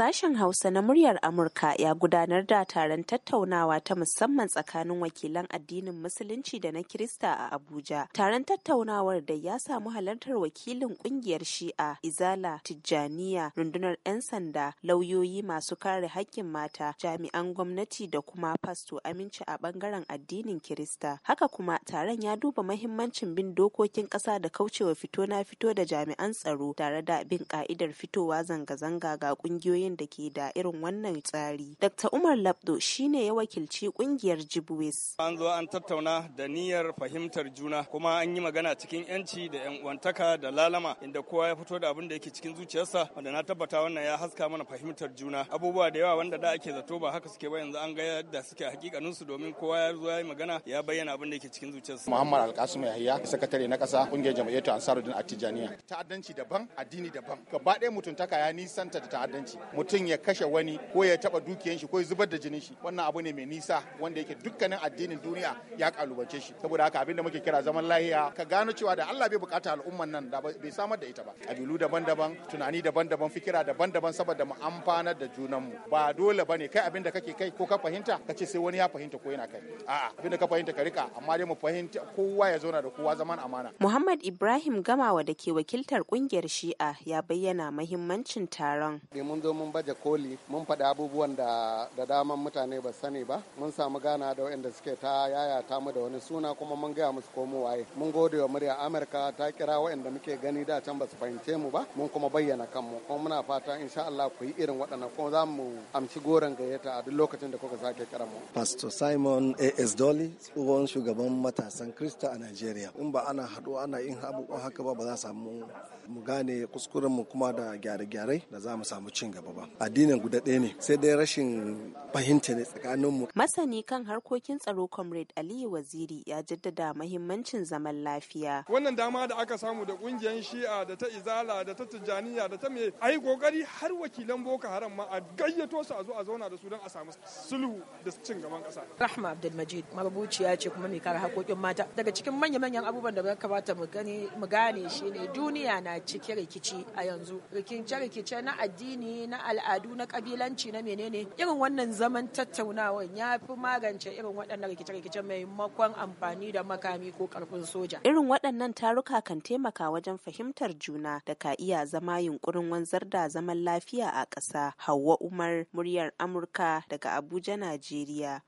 Sashen Hausa na muryar Amurka ya gudanar da taron tattaunawa ta musamman tsakanin wakilan addinin Musulunci da na Kirista a Abuja. Taron tattaunawar da ya samu halartar wakilin kungiyar Shi'a, Izala, Tijjaniya, rundunar 'yan sanda, lauyoyi masu kare haƙƙin mata, jami'an gwamnati da kuma fasto aminci a bangaren addinin Kirista. Haka kuma taron ya duba mahimmancin bin dokokin ƙasa da kaucewa fito na fito da jami'an tsaro tare da bin ka'idar fitowa zanga-zanga ga ƙungiyoyin jihohin da ke da irin wannan tsari. Dr. Umar Labdo shi ne ya wakilci kungiyar Jibwis. An zo an tattauna da niyyar fahimtar juna kuma an yi magana cikin yanci da yan uwantaka da lalama inda kowa ya fito da abin da yake cikin zuciyarsa wanda na tabbata wannan ya haska mana fahimtar juna. Abubuwa da yawa wanda da ake zato ba haka suke ba yanzu an ga yadda suke hakikanin su domin kowa ya zo ya yi magana ya bayyana abin da yake cikin zuciyarsa. Muhammad Alkasim Yahya sakatare na kasa kungiyar jama'iyyar Ansaruddin Attijaniya. Ta'addanci daban addini daban gaba ɗaya mutuntaka ya nisanta da ta'addanci. mutum ya kashe wani ko ya taba dukiyan shi ko ya zubar da jinin shi wannan abu ne mai nisa wanda yake dukkanin addinin duniya ya kalubance shi saboda haka abin da muke kira zaman lahiya ka gano cewa da Allah bai bukata al'umman nan da bai samar da ita ba kabilu daban-daban tunani daban-daban fikira daban-daban saboda mu amfanar da junanmu ba dole bane kai abin da kake kai ko ka fahimta ka ce sai wani ya fahimta ko yana kai a'a abin da ka fahimta ka rika amma dai mu fahimta kowa ya zauna da kowa zaman amana Muhammad Ibrahim Gamawa da ke wakiltar kungiyar Shi'a ya bayyana mahimmancin taron mun baje koli mun faɗi abubuwan da da daman mutane ba sani ba mun samu gana da da suke ta yaya ta mu da wani suna kuma mun gaya musu ko waye mun gode wa murya Amurka ta kira wayanda muke gani da can ba su fahimce mu ba mun kuma bayyana kanmu kuma muna fata insha Allah ku yi irin waɗannan kuma za mu amshi goron gayyata a duk lokacin da kuka sake kira mu Pastor Simon AS Dolly tsohon shugaban matasan Krista a Najeriya in ba ana haɗu ana yin abubuwa haka ba ba za samu mu gane kuskuren mu kuma da gyare-gyare da za mu samu cin gaba abu ba addinin guda ɗaya ne sai dai rashin fahimta ne tsakaninmu masani kan harkokin tsaro comrade aliyu waziri ya jaddada mahimmancin zaman lafiya wannan dama da aka samu da kungiyar shi'a da ta izala da ta tijjaniya da ta me ai kokari har wakilan boko haram ma a gayyato su a zo a zauna da su don a samu sulhu da cin gaban kasa rahma abdulmajid marubuciya ce kuma mai kare harkokin mata daga cikin manya-manyan abubuwan da ya kamata mu gane mu gane shine duniya na cike rikici a yanzu rikice-rikice na addini na na al'adu na kabilanci na menene irin wannan zaman tattaunawa ya fi magance irin waɗannan rikice rikice maimakon amfani da makami ko karfin soja. Irin waɗannan taruka kan taimaka wajen fahimtar juna da ka iya zama yunkurin wanzar da zaman lafiya a ƙasa. Hauwa Umar, muryar Amurka daga Abuja, Najeriya.